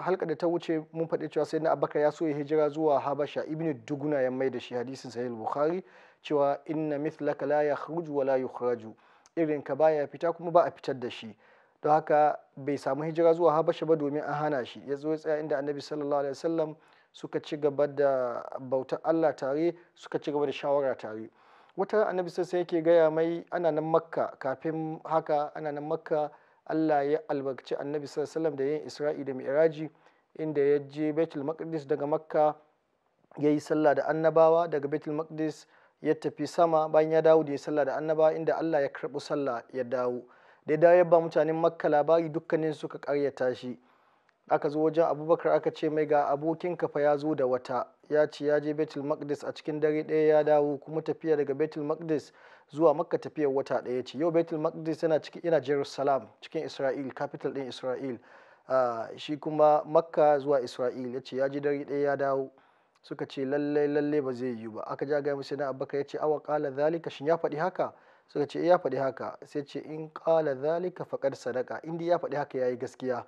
halka da ta wuce mun faɗi cewa na abubakar ya so ya hijira zuwa habasha ibnu duguna ya mai da shi hadisin sahih bukhari cewa inna mithlaka la yakhruju wa la yukhraju irin ka baya fita kuma ba a fitar da shi don haka bai samu hijira zuwa habasha ba domin an hana shi ya zo ya tsaya inda annabi sallallahu alaihi wasallam suka ci gaba da bautar Allah tare suka ci gaba da shawara tare wata annabi sai yake gaya mai ana nan makka kafin haka ana nan makka Allah ya albarkaci annabi sallallahu da yin isra'i da mi'raji inda ya je Baitul Maqdis daga Makka ya yi sallah da annabawa daga Baitul Maqdis ya tafi sama bayan ya dawo da ya sallah da annabawa inda Allah ya karɓi sallah ya dawo da ya dawo ya ba mutanen Makka labari dukkanin suka karyata shi aka zo wajen abubakar aka ce mai ga abokin kafa ya zo da wata ya ce ya je betul maqdis a cikin dare daya ya dawo kuma tafiya daga betul maqdis zuwa makka tafiyar wata ɗaya ce yau betul maqdis yana cikin ina jerusalem cikin isra'il capital ɗin isra'il ah, shi kuma makka zuwa isra'il ya ce ya je dare daya ya dawo suka ce lalle lalle ba zai yiwu ba aka ja gaya musu na abubakar ya ce awa kala zalika shin ya faɗi haka suka ce eh, ya faɗi haka sai ce in kala zalika faƙar sadaka Indi ya faɗi haka ya yi gaskiya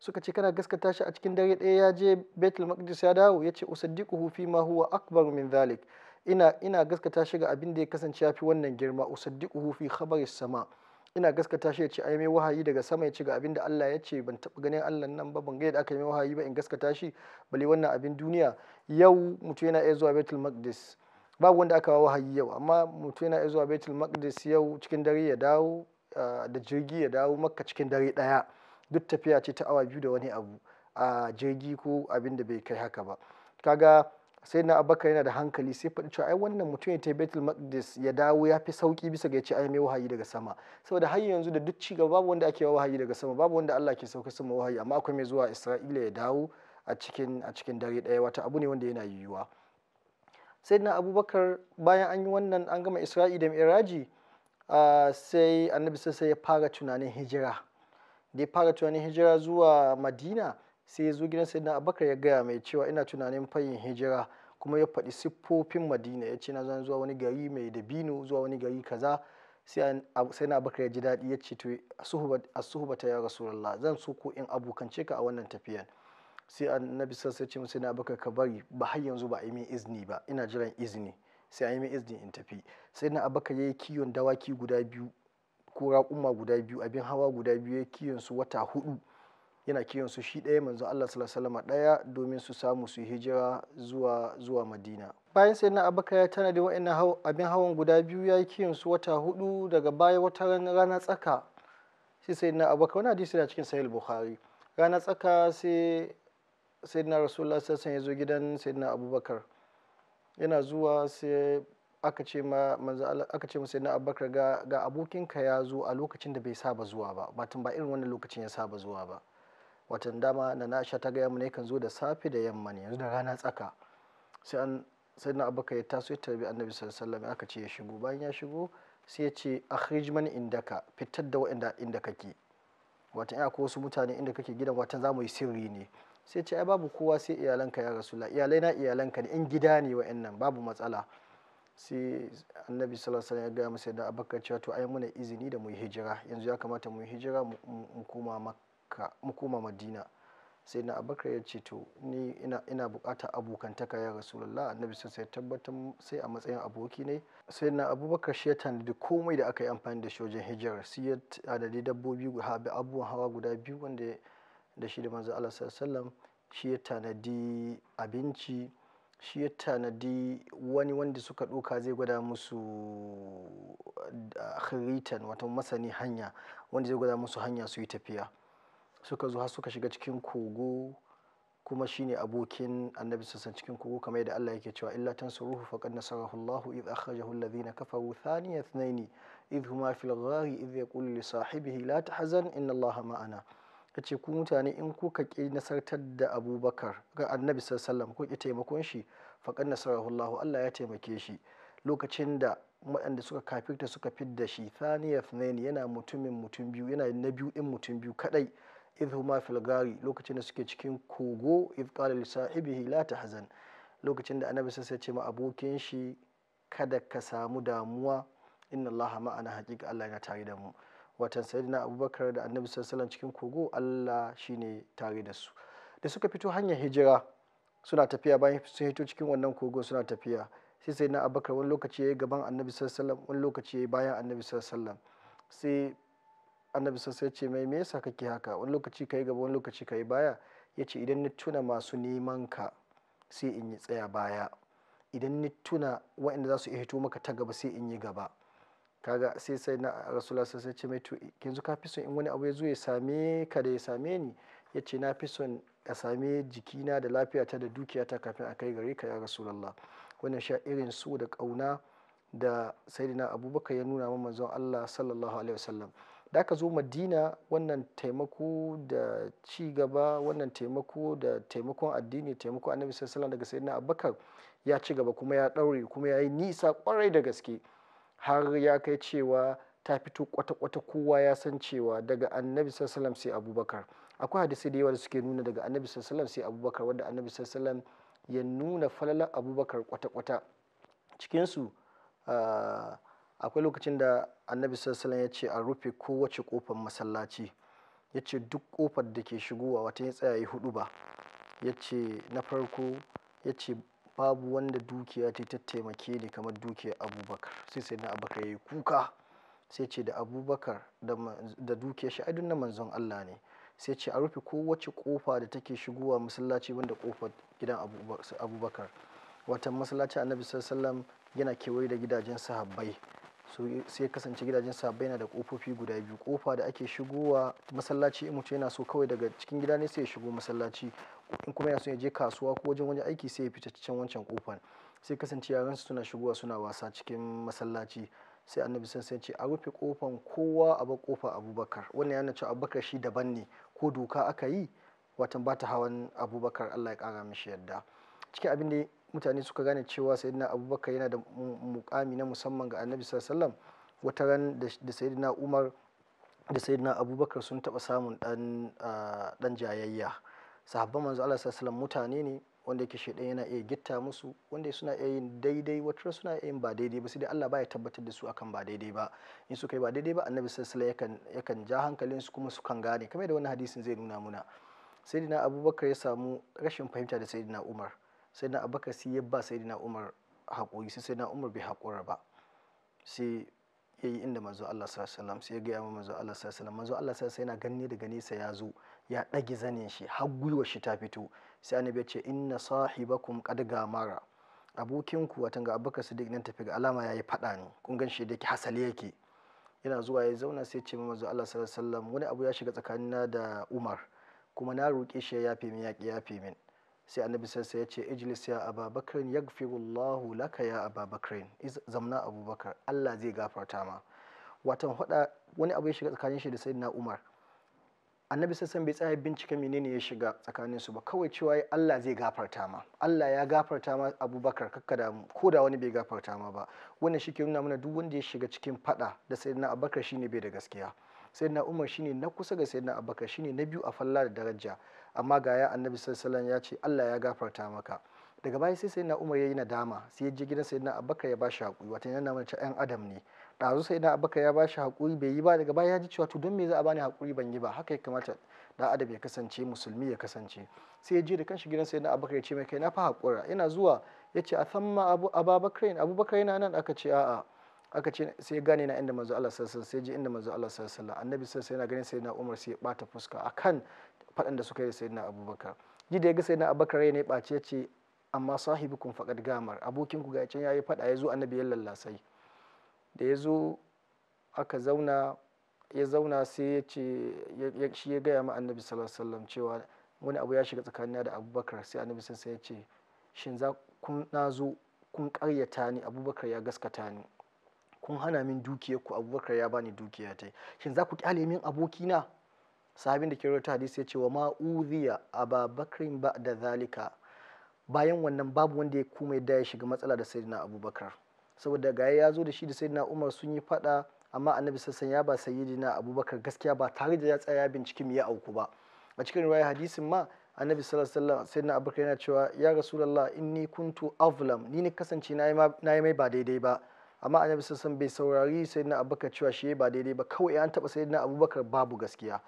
suka ce kana gaskata shi a cikin dare ɗaya ya je betel Maqdis ya dawo ya ce usaddiquhu fi ma huwa akbar min zalik ina ina gaskata shi ga abin da ya kasance ya fi wannan girma usaddiquhu fi khabari sama' ina gaskata shi ya ce ai mai wahayi daga sama ya ce ga abin da Allah ya ce ban taɓa ganin Allah nan ba ban ga yadda aka yi mai wahayi ba in gaskata shi bali wannan abin duniya yau mutum yana iya zuwa betel Maqdis babu wanda aka wahayi yau amma mutum yana iya zuwa betel Maqdis yau cikin dare ya dawo ah, da jirgi ya dawo Makka cikin dare ɗaya duk tafiya ce ta awa biyu da wani abu a jirgi ko abin da bai kai haka ba kaga sai na abakar yana da hankali sai faɗi cewa ai wannan mutum ya ta betul maqdis ya dawo ya fi sauki bisa ga ya ce ai mai wahayi daga sama saboda har yanzu da duk ci gaba babu wanda ake wahayi daga sama babu wanda Allah ke sauka sama wahayi amma akwai mai zuwa Isra'ila ya dawo a cikin a cikin dare ɗaya wata abu ne wanda yana yiwuwa sai na abubakar bayan an yi wannan an gama isra'i da miraji sai annabi sai ya fara tunanin hijira da ya fara tunanin hijira zuwa madina sai ya zo gidan sayyidina abakar ya gaya mai cewa ina tunanin fayin hijira kuma ya faɗi siffofin madina ya ce na zan zuwa wani gari mai dabino zuwa wani gari kaza sai na abakar ya ji daɗi ya ce to ba ta ya rasulullah zan so ko in abokance ka a wannan tafiyan sai annabi sassa ce sai na abakar ka bari ba har yanzu ba a yi min izini ba ina jiran izini sai a yi min izini in tafi sai na baka ya yi kiyon dawaki guda biyu ko raƙuma guda biyu abin hawa guda biyu ya kiyon su wata hudu yana kiyon su shi ɗaya manzo Allah sallallahu ɗaya domin su samu su hijira zuwa zuwa Madina bayan sai na abaka ya tana da wa'annan abin hawan guda biyu ya kiyon su wata hudu daga baya wata rana tsaka sai sai na abaka wani hadisi na cikin sahih bukhari rana tsaka sai sai na rasulullah sallallahu alaihi wasallam ya zo gidan sayyidina abubakar yana zuwa sai aka ce ma manzo aka ce na abubakar ga ga abokinka ya zo a lokacin da bai saba zuwa ba batun ba irin wannan lokacin ya saba zuwa ba watan dama na nasha ta ga mun kan zo da safe da yamma ne yanzu da rana tsaka sai an sai na abubakar ya taso ya tarbi annabi sallallahu alaihi wasallam aka ce ya shigo bayan ya shigo sai ya ce akhrij man indaka fitar da wanda inda kake watan ya ko wasu mutane inda kake gidan watan zamu yi sirri ne sai ce ai babu kowa sai iyalanka ya rasula iyalai na iyalanka ne in gida ne wa'annan babu matsala sai annabi sallallahu alaihi ya gaya masa da abakar cewa to ai muna izini da mu yi hijira yanzu ya kamata mu yi hijira mu koma makka mu koma madina sai na abakar ya ce to ni ina ina bukata abokantaka ya rasulullah annabi sai tabbatar sai a matsayin aboki ne sai na abubakar shi ya tanadi komai da aka yi amfani da shi wajen hijirar sai ya adadi dabbobi habi abubuwan hawa guda biyu wanda da shi da manzo Allah sallallahu alaihi wasallam shi ya tanadi abinci shi ya tanadi wani wanda suka ɗoka zai gwada musu eh, hiritan wato masani hanya wanda zai gwada musu hanya su yi tafiya suka zo har suka shiga cikin kogo kuma shine abokin annabi sassan cikin kogo kamar yadda Allah yake cewa illa tansuruhu faqad nasarahu Allah idh akhrajahu alladhina kafaru thaniya ithnaini idh huma fil ghari idh yaqulu li sahibihi la tahzan inna Allah ma'ana ka ce ku mutane in kuka ƙi nasartar da abubakar ga annabi sallallahu ko ƙi taimakon shi faƙar nasararullahu allah ya taimake shi lokacin da waɗanda suka kafirta suka fidda shi thaniya thnaini yana mutumin mutum biyu yana na biyu in mutum biyu kaɗai idh huma fil lokacin da suke cikin kogo idh qala li sahibihi la tahzan lokacin da annabi sai ya ce ma abokin shi kada ka samu damuwa inna allaha ma'ana haqiqa allah yana tare da mu watan sayyidina abubakar da annabi sallallahu cikin kogo allah shine tare da su da suka fito hanyar hijira suna tafiya bayan sun hito cikin wannan kogo suna tafiya sai sayyidina abubakar wani lokaci yayi gaban annabi sallallahu wani lokaci yayi bayan annabi sallallahu sai annabi sallallahu ya ce mai me yasa kake haka wani lokaci kai gaba wani lokaci kai baya ya ce idan ni tuna masu neman ka sai in yi tsaya baya idan ni tuna waɗanda za su iya hito maka ta gaba sai in yi gaba kaga sai sai na rasulullah sai ce mai to yanzu ka fi son in wani abu ya zo ya same ka da ya same ni ya ce na fi son a same jikina da lafiyata da dukiyata kafin a kai gare ka ya rasulullah wannan sha irin su da kauna da sayyidina abubakar ya nuna min manzon Allah sallallahu alaihi wasallam da aka zo madina wannan taimako da ci gaba wannan taimako da taimakon addini taimakon annabi sallallahu alaihi wasallam daga sayyidina abubakar ya ci gaba kuma ya daure kuma ya yi nisa kwarai da gaske har ya kai cewa ta fito kwata-kwata kowa ya san cewa daga annabi sallam sai abubakar akwai hadisi da yawa da suke nuna daga annabi sallam sai abubakar wanda annabi sallam ya nuna falalar abubakar kwata-kwata cikinsu ah, akwai lokacin da annabi sallam ya ce a rufe kowace kofar masallaci ya ce duk kofar da ke shigowa wata ya tsaya ya hudu ba ya ce na farko ya ce babu wanda dukiya ta taimake ni kamar dukiyar Abubakar sai sai na Abubakar yi kuka sai ce da Abubakar da, dukiyar shi ai na manzon Allah ne sai ce a rufe kowace kofa da take shigowa masallaci banda kofar gidan Abubakar watan masallaci Annabi sallallahu yana kewaye da gidajen sahabbai so sai kasance gidajen sahabbai yana da kofofi guda biyu kofa da ake shigowa masallaci in mutu yana so kawai daga cikin gida ne sai ya shigo masallaci in kuma yana son ya je kasuwa ko wajen wajen aiki sai ya fita can wancan kofar sai kasance yaran yaransu suna shigowa suna wasa cikin masallaci sai annabi sun sai ce a rufe kofan kowa a bar kofa abubakar wannan yana cewa abubakar shi daban ne ko doka aka yi watan bata hawan abubakar allah ya kara mishi yadda cikin abin da mutane suka gane cewa sayyidina abubakar yana da mukami na musamman ga annabi sallallahu wata ran da sayyidina umar da sayyidina abubakar sun taba samun dan ah, jayayya sahabban manzo Allah sallallahu mutane ne wanda yake shaidan yana iya gitta musu wanda suna iya yin daidai wata suna iya yin ba daidai ba sai dai Allah baya tabbatar da su akan ba daidai ba in suka yi ba daidai ba annabi sallallahu alaihi wasallam yakan ja hankalin su kuma su kan gane kamar da wannan hadisin zai nuna muna sayyidina abubakar ya samu rashin fahimta da sayyidina umar sayyidina abubakar sai ya ba sayyidina umar haƙuri sai sayyidina umar bai haƙura ba sai ya yi inda manzo Allah sallallahu alaihi wasallam sai ya ga manzo Allah sallallahu alaihi wasallam manzo Allah sallallahu alaihi wasallam yana ganin da sai ya zo ya ɗage zanin shi har gwiwa shi ta fito sai annabi ya ce inna sahibakum qad gamara abokin ku watan ga abubakar siddiq nan tafi ga alama yayi fada ne kun gan shi da yake hasali yake yana zuwa ya zauna sai ce manzo Allah sallallahu alaihi wasallam wani abu ya shiga tsakanina da Umar kuma na roƙe shi ya yafe min ya yafe min sai annabi sai ya ce ijlis ya ababakar yagfirullahu laka ya ababakar zamna abubakar Allah zai gafarta ma watan hada wani abu ya shiga tsakanin shi da sayyidina Umar annabi sassan bai tsaya bincika menene ya shiga tsakanin su ba kawai cewa Allah zai gafarta ma Allah ya gafarta ma Abubakar kakka da mu ko da wani bai gafarta ma ba wannan shi ke nuna mana duk wanda ya shiga cikin fada da sayyidina Abubakar shine bai da gaskiya sayyidina Umar shine na kusa ga sayyidina Abubakar shine na biyu a falla da daraja amma ga ya annabi sallallahu ya ce Allah ya gafarta maka daga baya sai sayyidina Umar ya yi nadama sai ya je gidan sayyidina Abubakar ya ba shi hakuri wato yana mana ta ɗan adam ne ɗazu sai na abaka ya bashi haƙuri bai yi ba daga baya ya ji cewa to don me za a bani haƙuri ban yi ba haka ya kamata da adab ya kasance musulmi ya kasance sai ya je da kanshi gidan sai na abaka ya ce mai kai na fa haƙura yana zuwa ya ce a samma abu ababakar abubakar yana nan aka ce a'a aka ce sai ya gane na inda manzo Allah sallallahu alaihi sai ji inda manzo Allah sallallahu alaihi annabi sallallahu alaihi yana ganin sai na Umar sai ya bata fuska akan faɗan da suka yi sai na Abubakar ji da ya ga sai na Abubakar ne ya ɓace ce amma sahibukum faqad gamar abokin ku ga can yayi faɗa ya zo annabi ya lallasai da ya zo aka zauna ya zauna sai ya ce shi ya gaya ma annabi sallallahu cewa wani abu ya shiga tsakanina da abubakar sai annabi sun ya ce shin za kun na zo kun karyata ni abubakar ya gaskata ni kun hana min dukiyar ku abubakar ya bani dukiya ta shin za ku kyale min abokina sahabin da ke rawaita hadisi ya ce wa ma a ababakrin ba da zalika bayan wannan babu wanda ya kuma da ya shiga matsala da sayyidina abubakar saboda gaya ya zo da shi da saidina umar sun yi fada amma annabi sassan ya ba na abubakar gaskiya ba tare da ya tsaya binciki mu ya auku ba a cikin riwaya hadisin ma annabi sallallahu alaihi wasallam abubakar yana cewa ya rasulullah inni kuntu azlam ni ne kasance na yi mai ba daidai ba amma annabi sassan bai saurari sayyidina abubakar cewa shi ba daidai ba kawai an taba sayyidina abubakar babu gaskiya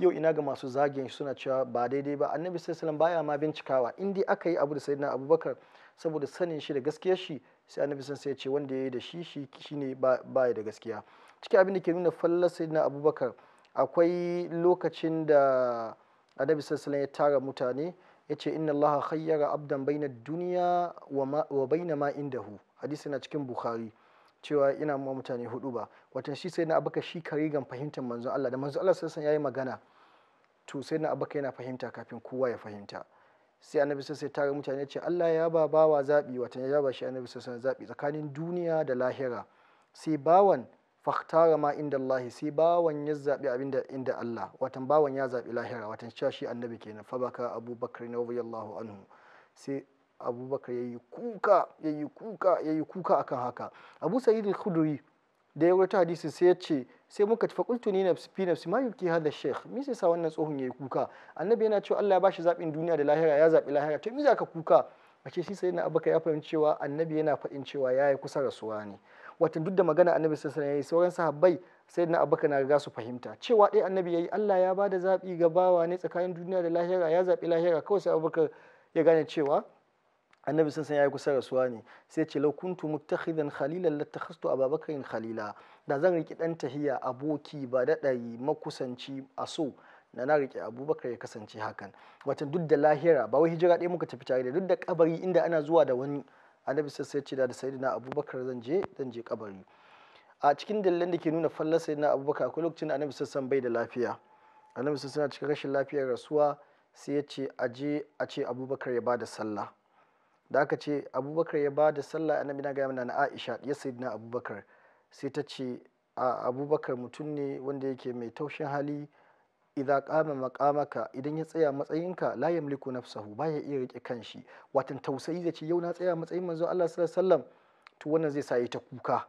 yau ina ga masu zagin shi suna cewa ba daidai ba annabi sallallahu baya ma bincikawa in aka yi abu da sayyidina abubakar saboda sanin shi da gaskiyar shi sai annabi sai ya ce wanda ya yi da shi shi shine baya da gaskiya ciki abin da ke nuna fallar sayyidina abubakar akwai lokacin da annabi sallallahu ya tara mutane ya ce inna allaha khayyara abdan baina duniya wa baina ma indahu hadisi na cikin bukhari cewa ina ma mutane hudu ba watan shi sai na abaka shi kare karigan fahimtar manzon Allah da manzon Allah sassan yayi magana to sai na abaka yana fahimta kafin kowa ya fahimta sai annabi sai tare mutane ce Allah ya ba bawa zabi watan ya ba shi annabi sai zabi tsakanin duniya da lahira sai bawan fahtara ma inda Allah sai bawan ya zabi abinda inda Allah watan bawan ya zabi lahira watan cewa shi annabi kenan fa baka Abu Bakr radiyallahu anhu sai abubakar ya yi kuka ya yi kuka ya yi kuka akan haka abu sa'id al-khudri da ya wata hadisi sai ya ce sai muka tafi qultu ni nafsi fi nafsi ma yuki hada sheikh me sai sa wannan tsohon yayi kuka annabi yana cewa Allah ya bashi zabin duniya da lahira ya zabi lahira to me za ka kuka ce shi sai na abubakar ya fahimci cewa annabi yana faɗin cewa ya yi kusa rasuwa ne watan duk da magana annabi ya yi sauran sahabbai sai na abubakar na riga su fahimta cewa ɗaya annabi ya yi allah ya bada da zaɓi ga bawa ne tsakanin duniya da lahira ya zaɓi lahira kawai sai abubakar ya gane cewa annabi sun san ya yi kusa rasuwa ne sai ce laukuntu kuntu muttakhidan khalilan lattakhastu ababakarin khalila da zan riki dan tahiya aboki ba daɗayi makusanci a so na na rike abubakar ya kasance hakan watan duk da lahira ba wai hijira ɗaya muka tafi tare da duk da kabari inda ana zuwa da wani annabi sai sai ce da sayyidina abubakar zan je zan je kabari a cikin dalilan da ke nuna fallar na abubakar akwai lokacin da annabi sassan bai da lafiya annabi suna cikin rashin lafiyar rasuwa sai ya ce aje a ce abubakar ya ba da sallah da aka ce abubakar ya ba da sallah a na gaya mana na aisha ya na abubakar sai ta ce abubakar mutum ne wanda yake mai taushin hali idza kama makamaka idan ya tsaya matsayinka la yamliku ba ya iya rike kanshi watan tausayi zai ce yau na tsaya matsayin manzo Allah sallallahu alaihi wasallam to wannan zai sa yi ta kuka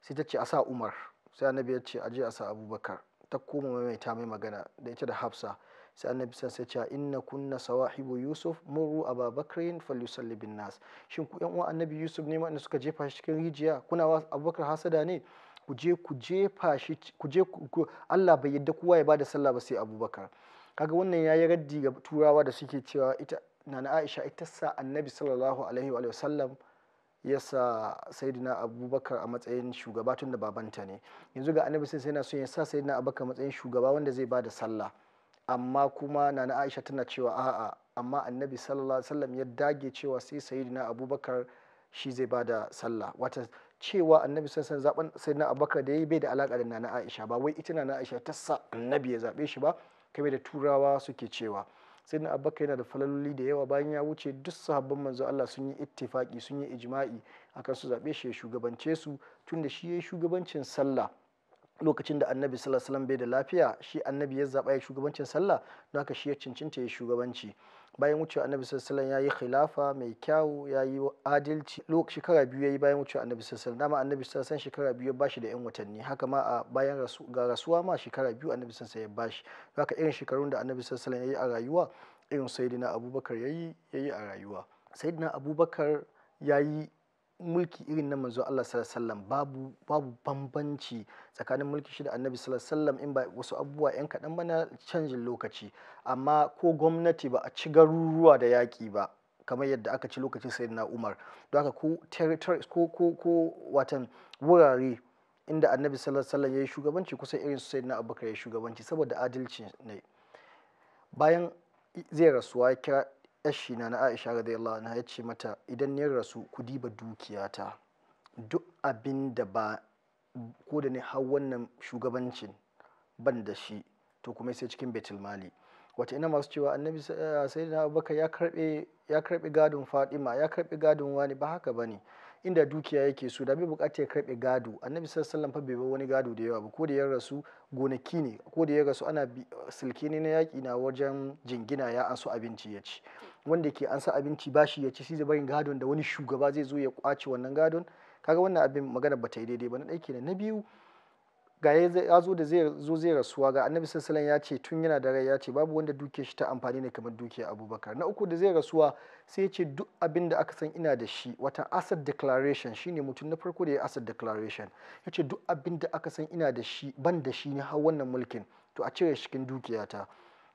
sai ta ce a sa Umar sai annabi ya ce a je a sa Abubakar ta koma ta mai magana da ita da Hafsa sai annabi san sai cewa inna kunna sawahibu yusuf muru aba bakrin bin nas shin ku yan uwa annabi yusuf ne ma suka jefa shi cikin rijiya kuna abubakar hasada ne ku je ku jefa shi ku je ku Allah bai yadda kowa ya bada sallah ba sai abubakar kaga wannan yayi raddi ga turawa da suke cewa ita nana aisha ita sa annabi sallallahu alaihi wa sallam ya sa abubakar a matsayin shugaba tun da babanta ne yanzu ga annabi sai yana so ya sa sayyidina abubakar matsayin shugaba wanda zai bada sallah amma kuma na na aisha tana cewa a'a amma annabi sallallahu alaihi wasallam ya dage cewa sai sayyidina abubakar shi zai bada sallah wata cewa annabi sun san zaben sayyidina abubakar da yayi bai da alaka da na na aisha ba wai ita na na aisha ta sa annabi ya zabe shi ba kamar da turawa suke cewa sayyidina abubakar yana da falaloli da yawa bayan ya wuce duk sahabban manzo Allah sun yi ittifaki sun yi ijma'i akan su zabe shi ya shugabance su tunda shi yayi shugabancin sallah lokacin da annabi sallallahu alaihi wasallam bai da lafiya shi annabi ya zaba ya shugabancin sallah don haka shi ya cincinta ya shugabanci bayan wucewa annabi sallallahu alaihi wasallam yayi khilafa mai kyawu yayi adalci lokacin shekara biyu yayi bayan wucewa annabi sallallahu alaihi wasallam dama annabi sallallahu alaihi wasallam shekara biyu ba shi da yan watanni haka ma a bayan ga rasuwa ma shekara biyu annabi sallallahu alaihi wasallam ya bashi haka irin shekarun da annabi sallallahu alaihi wasallam yayi a rayuwa irin sayyidina abubakar yayi yayi a rayuwa sayyidina abubakar yayi mulki irin na manzo Allah sallallahu babu babu bambanci tsakanin mulki shi da annabi sallallahu in ba wasu abubuwa yan kaɗan bana canjin lokaci amma ko gwamnati ba a ci garuruwa da yaƙi ba kamar yadda aka ci lokacin sayyidina Umar don haka ko territory ko ko ko watan wurare inda annabi sallallahu alaihi ya yi shugabanci kusan irin su sayyidina Abubakar ya yi shugabanci saboda adalci ne bayan zai rasuwa ya kira yashi na na aisha ga radiyallahu na ya ce mata idan ni rasu ku diba ta duk abin da ba ko da ni har wannan shugabancin ban da shi to kuma sai cikin betul mali wata ina masu cewa annabi sai abubakar ya karbe ya karbe gadon fatima ya karbe gadon wani ba haka bane inda dukiya yake so da bai bukatar ya karbe gado annabi sallallahu fa bai wani gado da yawa ba ko da ya rasu gonaki ne ko da ya rasu ana silke ne na yaki na wajen jingina ya an abinci ya ci wanda ke an sa abinci bashi ya ci sai barin gadon da wani shugaba zai zo ya kwace wannan gadon kaga wannan abin magana ba ta yi daidai ba na ɗaya kenan na biyu ga ya zo da zai zo zai rasuwa ga annabi sallallahu ya ce tun yana da rai ya ce babu wanda duke shi ta amfani ne kamar duke abubakar na uku da zai rasuwa sai ya ce duk abin da aka san ina da shi wata asset declaration shine mutum na farko da ya asset declaration ya ce duk abin da aka san ina da shi ban da shi ne har wannan mulkin to a cire shi cikin dukiyata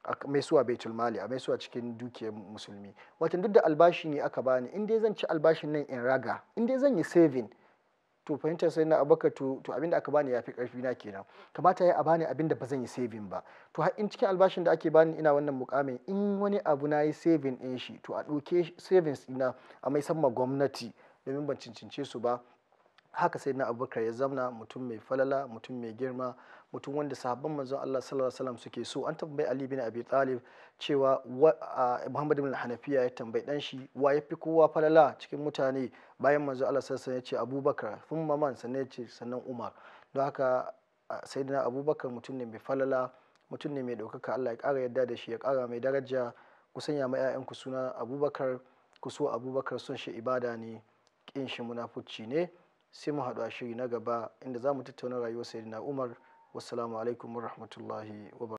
a mai suwa baitul mali a mai suwa cikin dukiyar musulmi wata duk da albashi ne aka bani in dai zan ci albashin nan in raga in dai zan yi saving to fahimtar sai na abaka to to abin da aka bani fi karfi na kenan kamata ya a bani abin da ba zan yi saving ba to har in cikin albashin da ake bani ina wannan mukamin in wani abu na yi saving din shi to a ɗauke savings ina a mai samma gwamnati domin ban cincince su ba haka sai na abubakar ya zamna mutum mai falala mutum mai girma mutum wanda sahabban manzon Allah sallallahu alaihi wasallam suke so an tambayi Ali bin Abi Talib cewa Muhammad bin Hanafiya ya tambayi dan shi wa yafi kowa falala cikin mutane bayan manzon Allah sallallahu alaihi wasallam ya ce Abubakar thumma man sannan ya ce sannan Umar don haka sayyidina Abubakar mutum ne mai falala mutum ne mai ɗaukaka Allah ya kara yadda da shi ya kara mai daraja ku sanya ma ku suna Abubakar ku so Abubakar son shi ibada ne ƙin shi munafuci ne sai mu haɗu a shiri na gaba inda za mu tattauna rayuwar sayyidina Umar wassalamu alaikum warahmatullahi wa